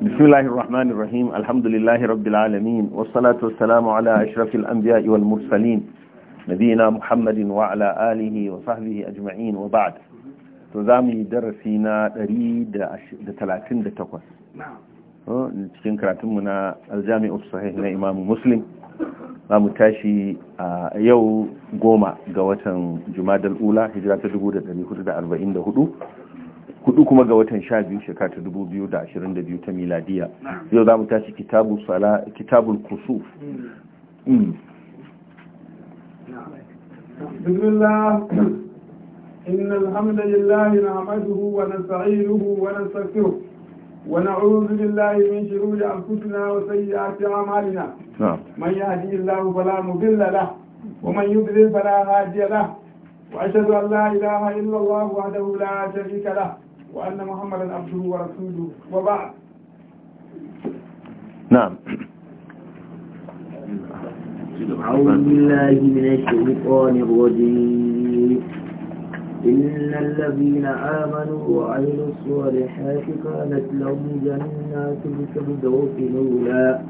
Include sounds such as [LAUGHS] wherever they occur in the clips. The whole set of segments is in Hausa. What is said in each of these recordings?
بسم الله الرحمن الرحيم الحمد لله رب العالمين والصلاة والسلام على أشرف الأنبياء والمرسلين نبينا محمد وعلى آله وصحبه أجمعين وبعد تزامي درسينا أريد دتلاتين دتقوى cikin karatunmu na aljami'u sahih na imamu muslim za mu tashi a yau goma ga watan jumadal ula hijira ta hudu kuma ga watan sha biyu shekara ta dubu biyu da ashirin da biyu ta miladiya yau za mu tashi kitabul kusuf إن الحمد لله نعمده ونستعينه ونستغفره ونعوذ بالله من شرور أنفسنا وسيئات أعمالنا من يهدي الله فلا مضل له ومن يضلل فلا هادي له وأشهد أن لا إله إلا الله وحده لا شريك له وأن محمدا عبده ورسوله وبعد نعم أعوذ بالله من الشيطان الرجيم إن الذين آمنوا وعملوا الصالحات كانت لهم جنات الفردوس نولا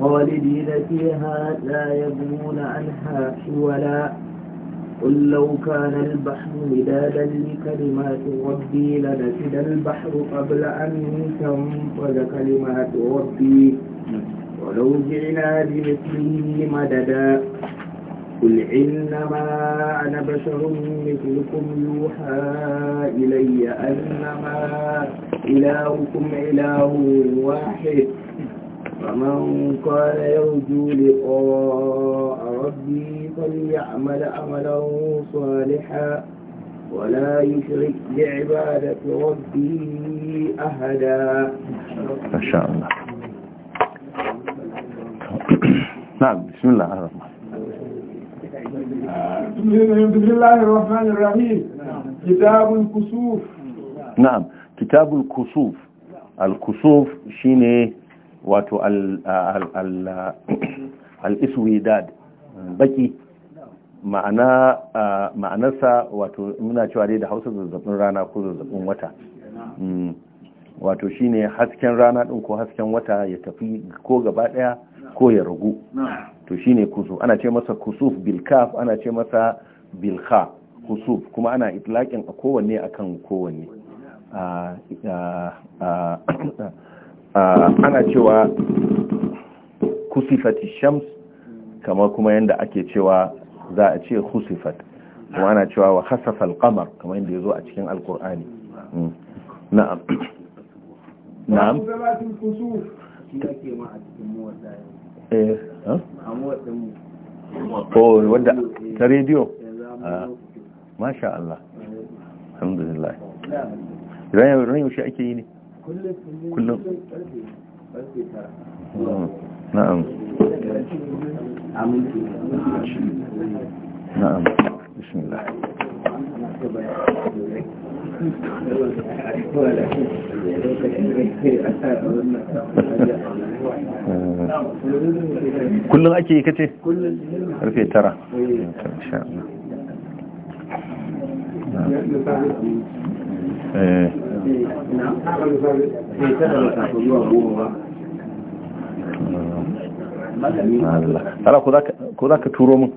خالدين فيها لا يبغون عنها حولا قل لو كان البحر مدادا لكلمات ربي لنفد البحر قبل أن تنفذ كلمات ربي ولو جعنا بمثله مددا قل إنما أنا بشر مثلكم يوحى إلي أنما إلهكم إله واحد ومن كان يرجو لقاء ربي فليعمل عملا صالحا ولا يشرك بعبادة ربي أحدا ما شاء الله نعم بسم الله الرحمن بسم الله الرحمن الرحيم كتاب الكسوف نعم كتاب الكسوف الكسوف شيني wato al-iswidad baki ma'anarsa wato muna cewa dai da hausa zazzabin rana ko zazzabin wata hmm. wato shine hasken rana ɗin ko hasken wata ya tafi ko gaba ɗaya ko ya ragu to shine kusuf ana ce masa kusuf bilkaf ana ce masa bilka kusuf kuma ana itlaƙin a kowanne akan kowanne ana cewa Kusifat shams kama kuma yadda ake cewa za a ce kusifat kuma ana cewa wa khasafa al-qamar kama yadda yazo a cikin alqur'ani mm. na'am na'am eh wadda oh, ta rediyo masha Allah alhamdulillah ran yaushe ake yi ne كله نعم نعم بسم الله كلن اكي كتي رفي ترى ان شاء الله نعم. إيه. Allah ko za ka turo mun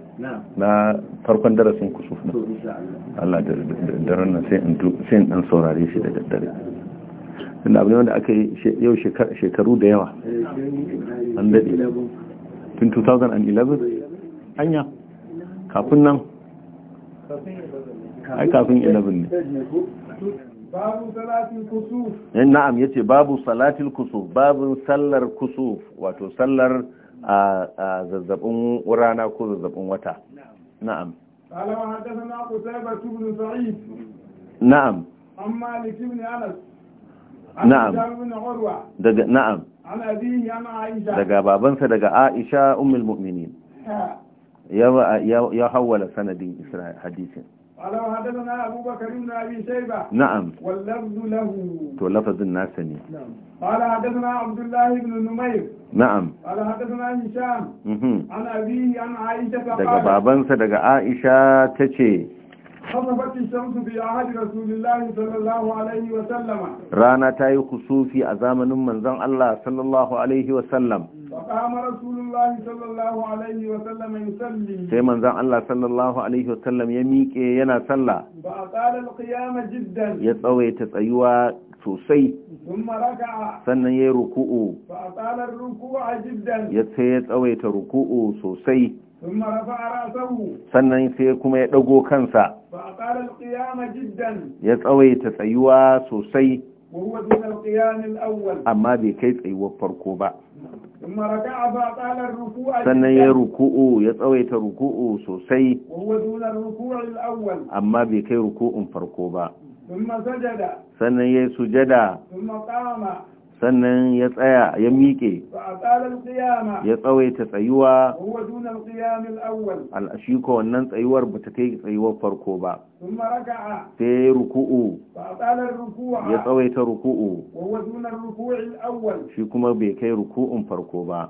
na farkon darasin ku na Allah da ranar sai in dan saurare shi da daddare inda abu ne wanda aka yi yau shekaru da yawa an daɗe tun 2011 anya kafin nan ai kafin 11 ne babu salatin kusuf eh, yace babu salatil kusuf babu sallar kusuf wato sallar a zazzabin urana ko zazzabin wata na'am na'am na'am daga babansa daga aisha ummul mu'minin ya ya sanadin isra'il hadisin قال وحدثنا أبو بكر بن أبي شيبة نعم واللفظ له تو لفظ الناس نعم قال حدثنا عبد الله بن نمير نعم قال حدثنا هشام عن أبيه عن عائشة قال دقى بابنسا دقى عائشة تشي خصفت الشمس في عهد رسول الله صلى الله عليه وسلم رانا تاي خسوفي أزامن من زن الله صلى الله عليه وسلم sai manzan Allah sallallahu ya miƙe yana sallah ya tsawaita tsayuwa sosai sannan ya yi ruku'u ya sai ya tsawaita ruku'u sosai sannan sai kuma ya ɗago kansa ya tsawaita tsayuwa sosai amma bai kai tsayuwar farko ba sannan ya ruku'u ya tsawaita ruku'u sosai amma bai kai ruku'un farko ba sannan ya yi sujada sannan ya tsaya ya miƙe ya tsawaita tsayuwa al'ashiko wannan tsayuwar ba ta kai tsayuwar farko ba sai ruku'u ya tsawaita ruku'u shi kuma bai kai ruku'un farko ba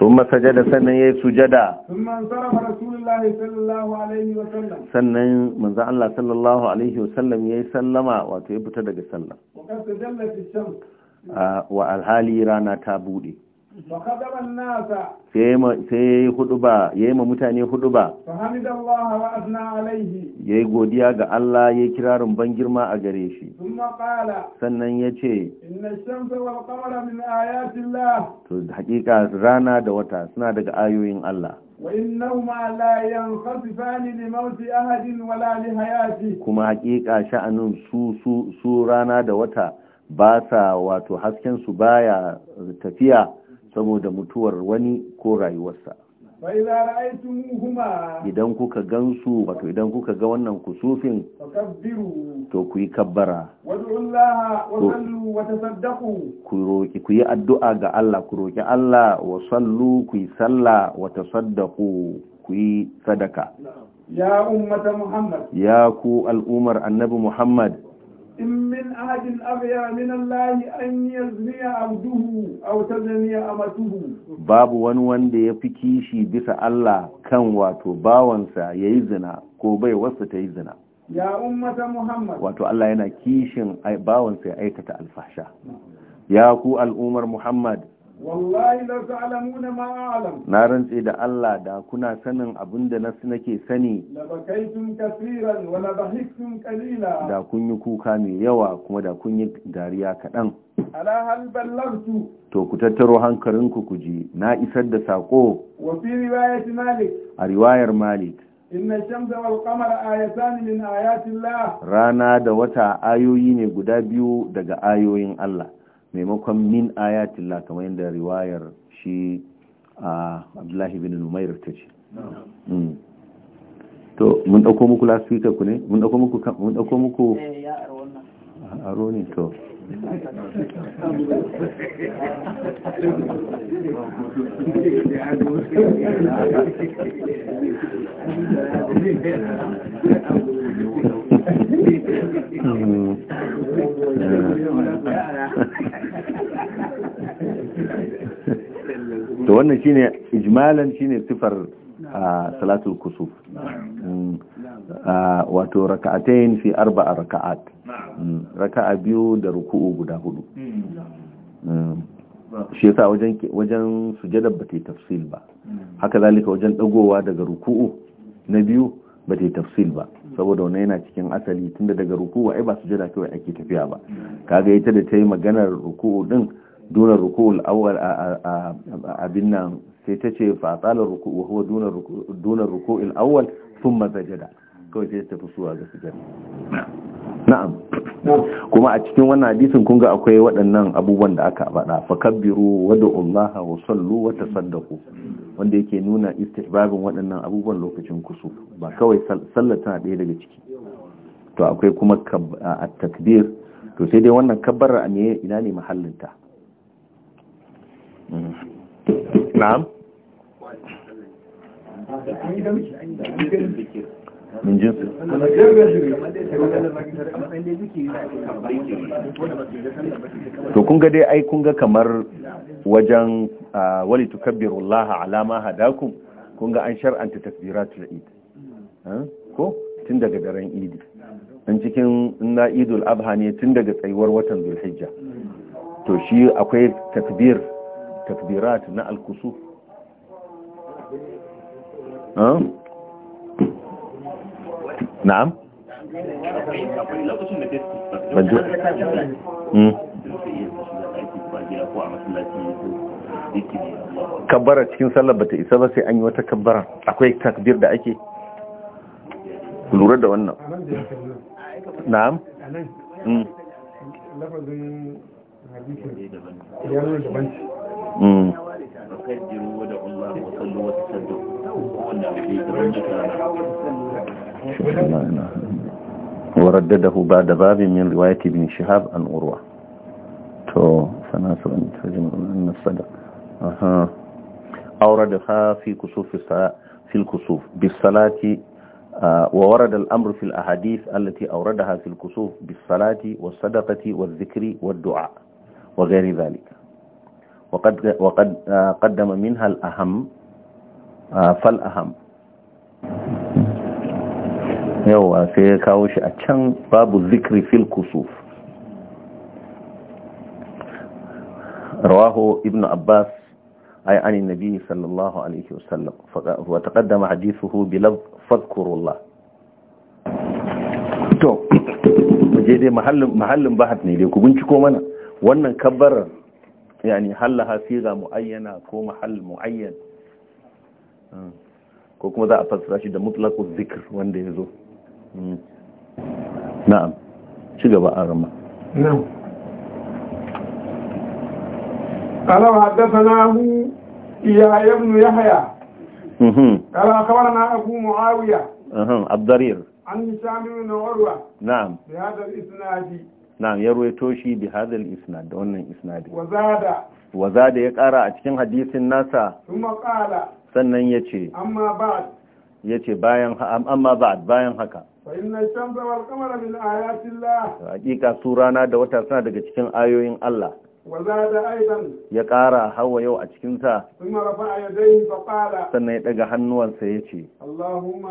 ثم سجد سنن يي سجدا ثم انصرف رسول الله صلى الله عليه وسلم سنن من ذا الله صلى الله عليه وسلم يي سلما wato ya fita daga sallah wa alhali rana ta bude sai hudu ba ya yi ma mutane hudu ba ya yi godiya ga Allah ya yi kirarin ban girma a gare shi sannan ya ce to hakika rana da wata suna daga ayoyin Allah kuma hakika sha'anin su أحد ولا Kuma كما sha'anin su rana da wata رانا دوتا saboda mutuwar wani ko rayuwarsa idan kuka gansu wato idan kuka ga wannan kusufin to ku yi kabbara ku yi addu'a ga Allah ku roƙi Allah wa sallu ku yi sallah wa tasaddaku ku yi sadaka ya ummata muhammad ya ku al'umar annabi muhammad أحد أغيى من الله أن يزني عبده أو تزني أمته باب وان وان دي يفكيشي بس الله كان واتو باوانسا يزنا كوبي وسط يزنا يا أمة محمد واتو الله ينا كيشن باوانسا أيكة الفحشة يا أكو الأمر محمد wallahi la ta'lamuna ma a'lam na rantse da Allah da kuna sanin abin da na nake sani la bakaitum kaseeran wa la dhahiktum qalila da kun yi kuka mai yawa kuma da kun yi dariya kaɗan ala hal ballagtu to ku tattaro hankalin ku ji na isar da sako wa fi riwayat malik a riwayar malik Inna shamsa wal qamara ayatan min ayati Allah Rana da wata ayoyi ne guda biyu daga ayoyin Allah maimakon min ayatillah kamar yadda riwayar shi a abdullahi bin numair ta ce hmm. to mun dauko muku lasfika ku ne mun dauko muku mun dauko muku eh aro ne to Thank [LAUGHS] you. to wannan shine ijmalan shine sifar salatul kusuf mm. wato raka'atayn fi arba'a raka'at mm. raka'a biyu da ruku'u guda hudu mm. shi yasa wajen wajen sujada ba ta tafsil ba haka zalika wajen dagowa daga ruku'u na biyu ba ta tafsil ba saboda wannan yana cikin asali tunda daga ruku'u ai ba su jira kawai ake tafiya ba kaga ita da ta yi maganar ruku'u din duna ruku'ul awwal abin nan sai ta ce fa tsala ruku'u huwa duna duna ruku'il awwal thumma sajada kawai sai ta tafi suwa ga sujada na'am kuma a cikin wannan hadisin kun ga akwai waɗannan abubuwan da aka faɗa fa da'u Allah wa sallu wa tasaddaqu wanda yake nuna istihbabin waɗannan abubuwan lokacin kusu ba kawai sallar tana ɗaya daga ciki to akwai kuma a takbir to sai dai wannan kabbarar a meye ina ne mahallinta hmm. na'am min jinsu to kun ga dai ai kun ga kamar wajen wali tukabbirullaha alama hadakum kun ga an shar'anta takbiratul eid ko tun daga daren idi an cikin na Eidul abha ne tun daga tsayuwar watan zulhijja to shi akwai takbir takbirat na alkusu na'am ban hmm? kabbara cikin sallar bata isa ba sai an yi wata kabbara akwai takbir da ake lura da wannan na'am lafazin وردده بعد باب من رواية ابن شهاب عن أروى تو سنة سؤال أن الصدق أها أوردها في كسوف الصلاة في الكسوف بالصلاة آه، وورد الأمر في الأحاديث التي أوردها في الكسوف بالصلاة والصدقة والذكر والدعاء وغير ذلك وقد, وقد آه، قدم منها الأهم آه، فالأهم في كاوش أتشان باب الذكر في الكسوف رواه ابن عباس أي عن النبي صلى الله عليه وسلم وتقدم حديثه بلفظ فذكر الله تو je محل محل بحث ني ne dai ku wannan kabbar yani halaha siga muayyana ko mahall muayyan ko kuma za a fassara shi da mutlaqu zikr wanda yazo na'am shi gaba a rama na'am قال وحدثناه iyaye ibn yahya mhm kala akhbarana abu muawiya mhm abdarir an hisam ibn urwa na'am bi hada al-isnad na'am yarwayto shi bi hada al wannan isnadi wazada wazada ya kara a cikin hadisin nasa kuma kala sannan yace amma ba'd yace bayan amma ba'd bayan haka inna shamsa wal qamara min ayati llah hakika surana da wata suna daga cikin ayoyin Allah ya ƙara hawa yau a cikinsa sannan ya ɗaga hannuwansa ya ce Allahumma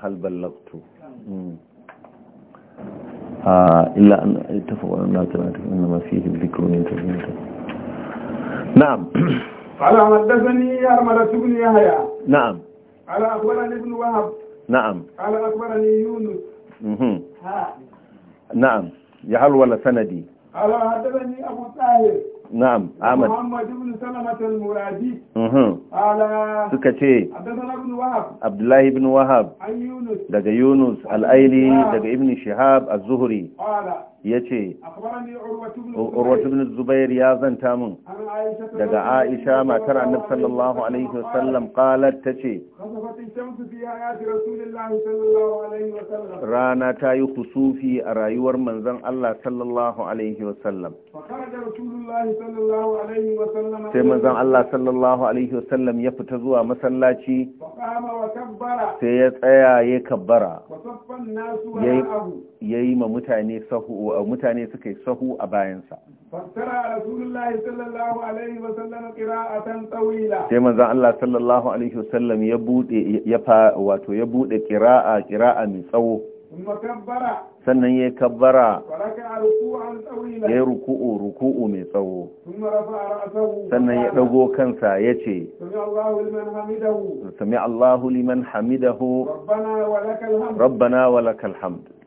halbar laftu hmm. illa an tafi waɗanda tunatar inda mafi hibikomin tafiya na'am ala haddasani ya armada tuni ya haya na'am ala akwarani ibn wahab na'am ala akwarani yunus na'am ya halwala sanadi قال حدثني أبو طاهر نعم أحمد محمد بن سلمة المرادي قال سكتي حدثنا ابن وهب عبد الله بن وهب عن يونس دقى يونس الأيلي دقى ابن شهاب الزهري قال ya ce urwatu bin zubair ya zanta min daga aisha matar annab sallallahu alaihi wasallam qalat ta ce rana ta yi kusufi a rayuwar manzan Allah sallallahu alaihi wasallam sai manzan Allah sallallahu alaihi wasallam ya fita zuwa masallaci sai ya tsaya ya kabbara ya yi ma mutane sahu mutane suka yi sahu a bayansa fassara rasulullahi sallallahu alaihi wasallam qira'atan tawila sai manzon Allah sallallahu alaihi ya bude ya fa wato ya bude qira'a qira'a mai tsawo sannan ya kabbara ya ruku'u ruku'u mai tsawo sannan ya ɗago kansa ya ce sami Allahu liman hamidahu rabbana wa lakal hamd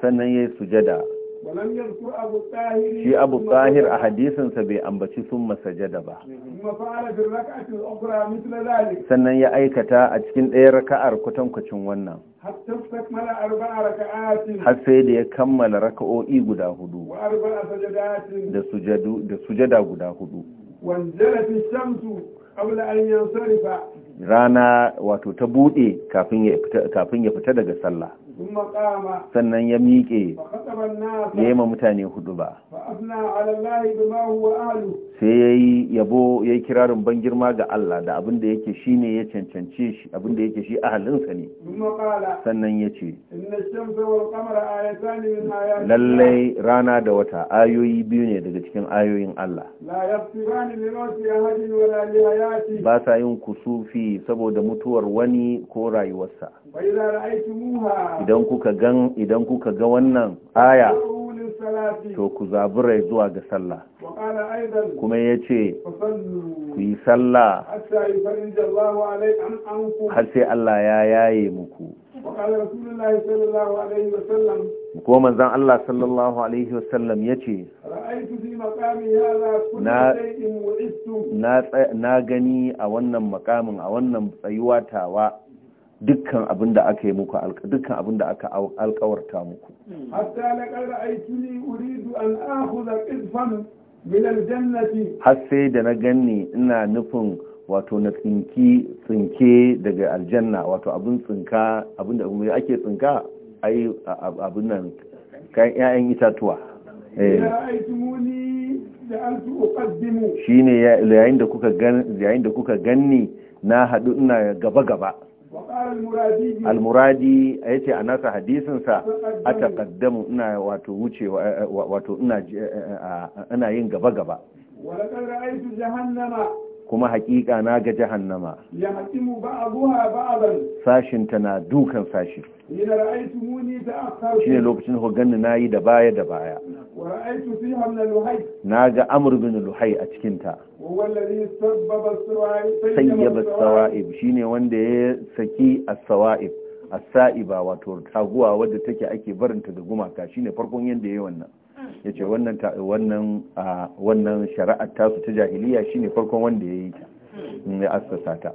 sannan ya yi sujada shi abu tsahir a hadisinsa bai ambaci sun masajada ba sannan ya aikata a cikin ɗaya raka'ar kwatankwacin wannan har sai da ya kammala raka'o'i guda hudu da sujada guda hudu rana wato ta buɗe kafin ya fita daga sallah sannan ya miƙe ya yi ma mutane hudu ba sai ya yi yabo ya yi kirarin ban girma ga Allah da abin da yake shi ne ya cancance shi abin da yake shi ahalinsa ne sannan ya ce lallai rana da wata ayoyi biyu ne daga cikin ayoyin Allah ba sa yin kusufi saboda mutuwar wani ko rayuwarsa idan kuka gan idan kuka ga wannan aya to ku zabura zuwa ga sallah kuma ya ce ku yi sallah har sai Allah ya yaye muku ko manzan Allah sallallahu alaihi wasallam ya ce na gani a wannan makamin a wannan tsayuwa tawa dukkan abin da aka yi muku dukkan abin da aka alkawarta muku hatta la qara uridu an akhudha qidfan min aljannati har sai da na ganni ina nufin wato na tsinki tsinke daga aljanna wato abin tsinka abin da mu ake tsinka ai abin nan kan ƴaƴan itatuwa eh da shine yayin da kuka gan yayin da kuka ganni na hadu ina gaba gaba almuradi ya ce a nasa hadisinsa a takaddamu ina wato wato ina yin gaba-gaba kuma haƙiƙa na ga jahannama ya hakimu ta na dukan sashi ni da shine lokacin ko ganni nayi da baya da baya na ga amr Luhai a cikin ta wa wallazi sawa'ib sawa'ib shine wanda ya saki as-sawa'ib as-sa'iba wato taguwa wadda take ake barinta da gumaka shine farkon yanda yayi wannan ya ce wannan shari'ar tasu ta jahiliya shine farkon wanda ya yi ta ya ta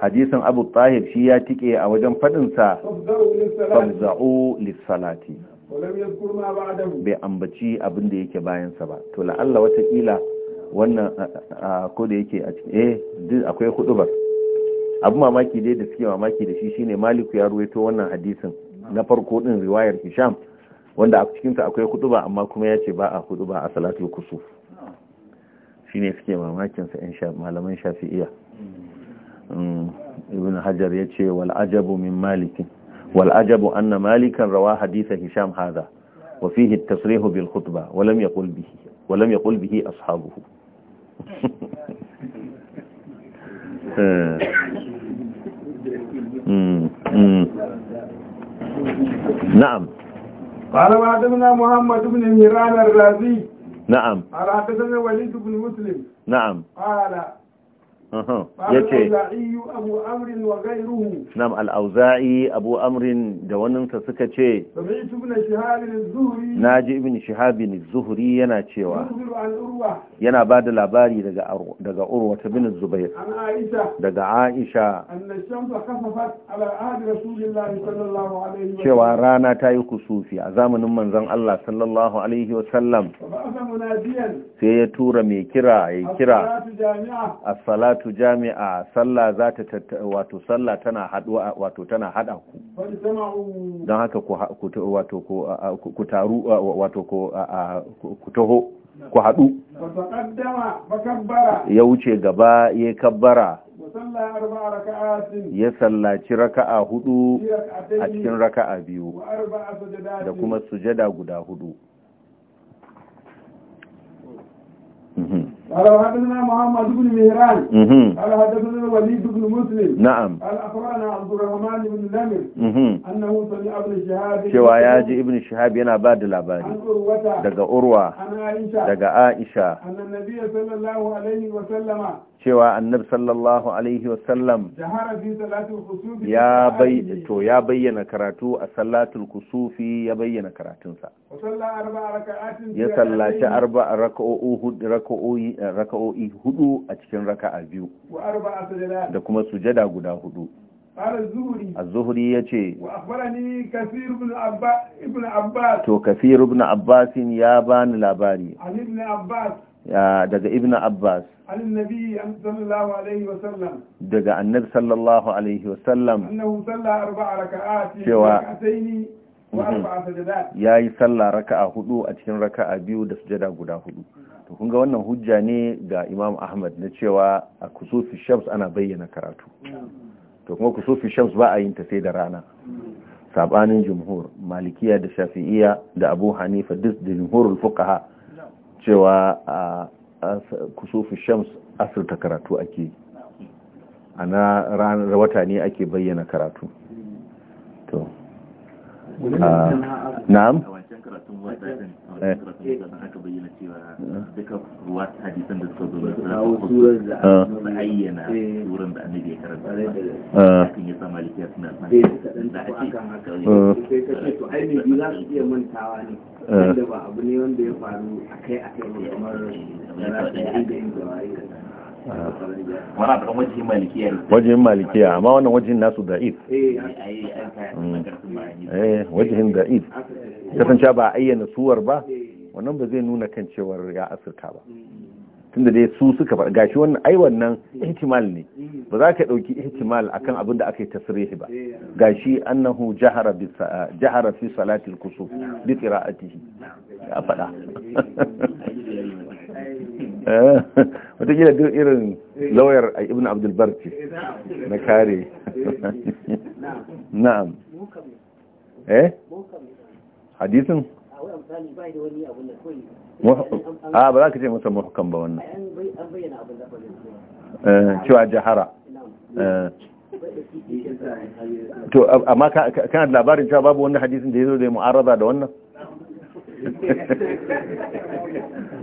hadisin abu tsahir shi ya tike a wajen faɗinsa fafza'o lissalati bai ambaci abin da yake bayansa ba to la'alla watakila wannan ko da yake a cikin eh akwai hudubar abu mamaki dai da suke mamaki da shi shine maliku ya ruwaito wannan hadisin na farko din riwayar hisham wanda a cikinsa akwai kutuba amma kuma yace ba a huduba a salatul kusuf shine ne suke mamakinsa yan malaman Shafi'iyya mm, ibn hajar ya ce wal'ajabu min wal wal'ajabu anna malikan rawa hadisa hisham haza wa fihi at-tasrih bil khutba wa lam yaqul bihi wa lam yaqul bihi ashabuhu mm [LAUGHS] hmm, hmm, hmm. نعم قال وحدثنا محمد بن ميران الرازي نعم قال حدثنا وليد بن مسلم نعم قال yace nam al-auza'i abu amrin da waninsa suka ce na ji ibn shihabin zuhuri yana cewa yana ba da labari daga urwa ta bin zubair daga aisha cewa rana ta yi kusufi a zamanin manzan Allah sallallahu alaihi wasallam sai ya tura mai kira ya kira a salatu salatu jami'a sallah za ta wato sallah tana haduwa wato tana hada ku don haka ku wato ku taru wato ku taho ku hadu ya wuce gaba ya kabbara ya sallaci raka'a hudu a cikin raka'a biyu da kuma sujada guda hudu قال حدثنا محمد بن مهران قال حدثنا الوليد بن مسلم نعم قال اخبرنا عبد الرحمن بن نمر انه سمع ابن شهاب cewa ya ji ibn shihab yana ba da labari daga urwa daga aisha cewa annabi sallallahu alaihi wasallam ya bai to ya bayyana karatu a salatul kusufi ya bayyana karatunsa ya sallaci arba'a raka'o'i Eh, raka'o'i hudu a cikin raka'a biyu da kuma sujada guda hudu az-zuhri yace wa akhbarani kathir ibn abbas ibn abbas to kathir ibn abbas ya bani labari ibn abbas daga ibn abbas daga annabi sallallahu alaihi wa wasallam cewa mhm. ya yi sallah raka'a hudu a cikin raka'a biyu da sujada guda hudu to kun ga wannan hujja ne ga imam ahmad na cewa a kusufi shams ana bayyana karatu to kuma kusufi shams ba a yin ta sai da rana sabanin jumhur malikiya da shafi'iya da abu hanifa duk da jumhurul fuqaha cewa a kusufi shams asirta karatu ake ana ranar wata ne ake bayyana karatu to na'am wancan karatun ruwa eh. ta karatun bayyana cewa eh. duka ruwa ta hadisan da suka zo da da ayyana da annabi ya karanta eh. sa malikiya suna da ake sai ka ce to ai ne za su iya mantawa ne wanda ba abu ne wanda ya faru kamar da wajen malikiya amma wannan wajen nasu da'if mm. wajen da'if kasancewa ba a ayyana suwar ba wannan ba zai nuna kan cewar ya asirka ba tunda dai su suka faɗa gashi wannan ai wannan ihtimal ne ba za ka ɗauki ihtimal akan abin da aka yi tasrihi ba gashi annahu jahara bi jahara fi salati al-kusuf bi qira'atihi ya faɗa [LAUGHS] wata gida duk irin lawyer ibn abdul barci na kare [LAUGHS] na'am eh hadisin a ba za ka ce masa muhkam ba wannan eh, cewa jahara eh. to amma kan labarin cewa babu wani hadisin da ya zo da ya mu'arraza da wannan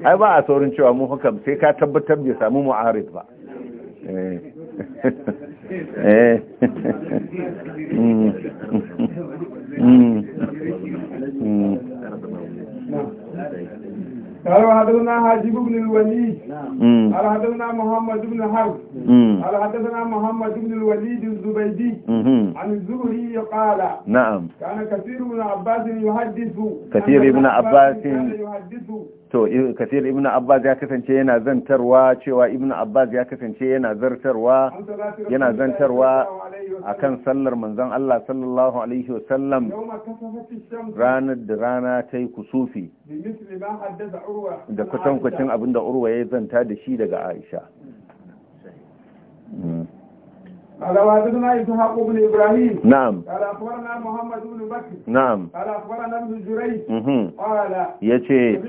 ai ba a saurin cewa muhkam sai ka tabbatar bai samu mu'arid ba eh, [LAUGHS] eh. [LAUGHS] Hmm. Hmm. قال حدثنا حاجب بن الوليد قال حدثنا محمد بن حرب قال حدثنا محمد بن الوليد الزبيدي عن الزهري قال نعم كان كثير بن عباس يحدث كثير بن عباس يحدث to kasir ibn abbas ya kasance yana zantarwa cewa ibn abbas ya kasance yana zartarwa yana zantarwa akan sallar manzon Allah sallallahu alaihi wasallam ranar da rana ta yi kusufi da kwatankwacin abinda urwa ya zanta da shi daga Aisha قال وحدثنا إسحاق بن إبراهيم نعم قال أخبرنا محمد بن بكر نعم قال أخبرنا ابن جريج قال يتي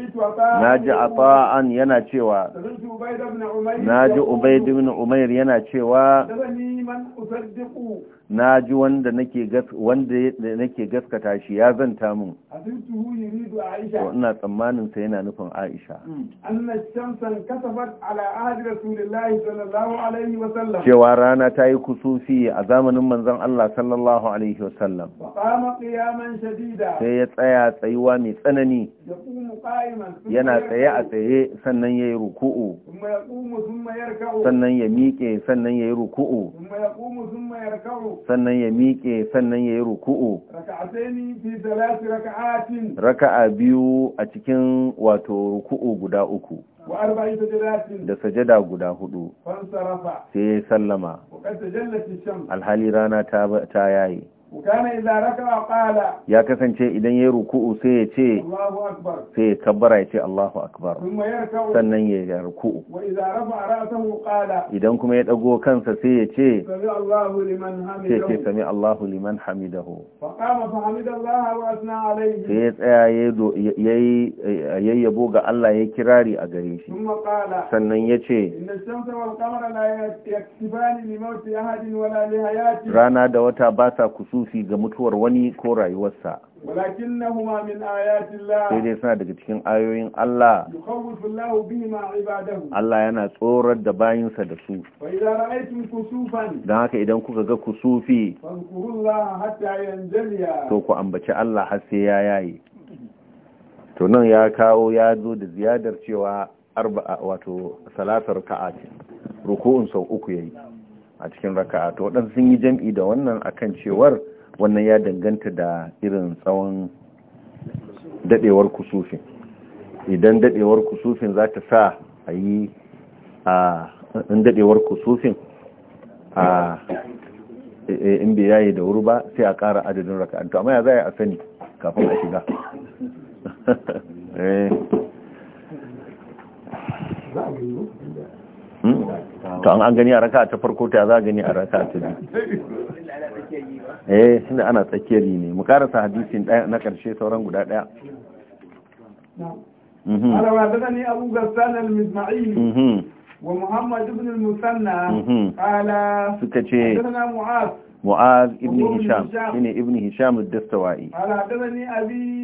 ناجي عطاء ينا تشيوا سمعت عبيد بن عمير ناجي عبيد بن عمير ينا تشيوا من أصدق na ji wanda nake gaskata shi ya zanta min to ina tsammanin sa yana nufin Aisha hmm. cewa rana ta yi kusufi a zamanin manzon Allah sallallahu alaihi sai ya tsaya tsayuwa mai tsanani yana tsaye a tsaye sannan ya yi ruku'u sannan ya miƙe sannan ya yi ruku'u sannan ya miƙe sannan ya yi ruku'u raka'a biyu a cikin wato ruku'u guda uku da sajada guda hudu sai ya sallama alhali rana ta yayi ya kasance idan ya ruku'u sai ya ce sai ya kabbara ya ce Allahu akbar sannan ya yi ruku'u idan kuma ya dago kansa sai ya ce sai ce sami Allahu liman hamidahu sai ya tsaya ya yabo ga Allah ya kirari a gare shi sannan ya ce rana da wata ba sa kusu tufi ga mutuwar wani ko rayuwarsa sai dai suna daga cikin ayoyin Allah Allah yana tsorar da bayinsa da su Don dan haka idan kuka ga kusufi to ku ambaci Allah har sai ya yayi to nan ya kawo ya zo da ziyadar cewa arba'a wato salatar ka'a ruku'un sau uku yayi a cikin raka'a to waɗansu sun yi jam'i da wannan akan cewar wannan ya danganta da irin tsawon dadewar kusufin idan dadewar kusufin za ta sa a yi a in dadewar kusufin a e, in bai yayi da wuri ba sai a kara adadin raka'an to amma ya za a sani kafin a shiga [LAUGHS] eh. hmm? to an gani a raka ta farko ta za a gani a raka ta biyu eh shi ana tsakiyar ne mu karasa hadisin na karshe sauran guda ɗaya قال وحدثني أبو غسان المزمعي ومحمد بن المثنى قال حدثنا معاذ mu'az ibn hisham shine ibn hisham ad-dastawai ala dalani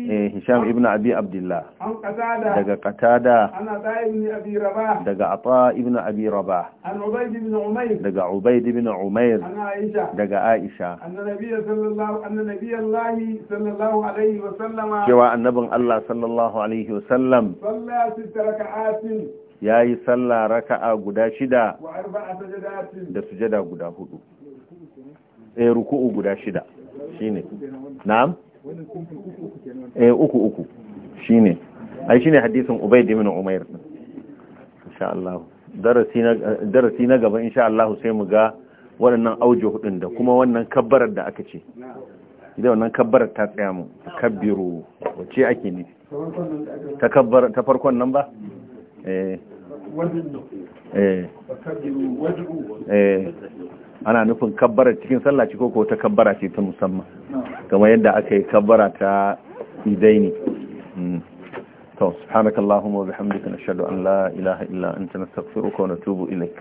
eh, hisham ibn abi abdullah daga qatada daga ata ibn abi daga ubayd ibn umayr daga aisha anna annabin allah sallallahu alayhi wa sallam salla sit rak'at ya yi sallah raka'a guda shida da sujada guda huɗu. eh ruku'u guda shida shine na'am eh uku uku shine ai shine hadisin ubayd ibn umair insha Allah darasi na darasi na gaba insha Allah sai mu ga waɗannan auje hudun da kuma wannan kabbarar da aka ce idan wannan kabbarar ta tsaya mu kabbiru wace ake ne ta kabbar ta farkon nan ba eh eh eh ana nufin kabbara cikin sallah ci ko ko ta kabbara ce ta musamman kamar yadda aka yi kabbara ta idaini mm. to subhanakallahumma wa bihamdika nashhadu an la ilaha illa anta nastaghfiruka wa natubu ilaik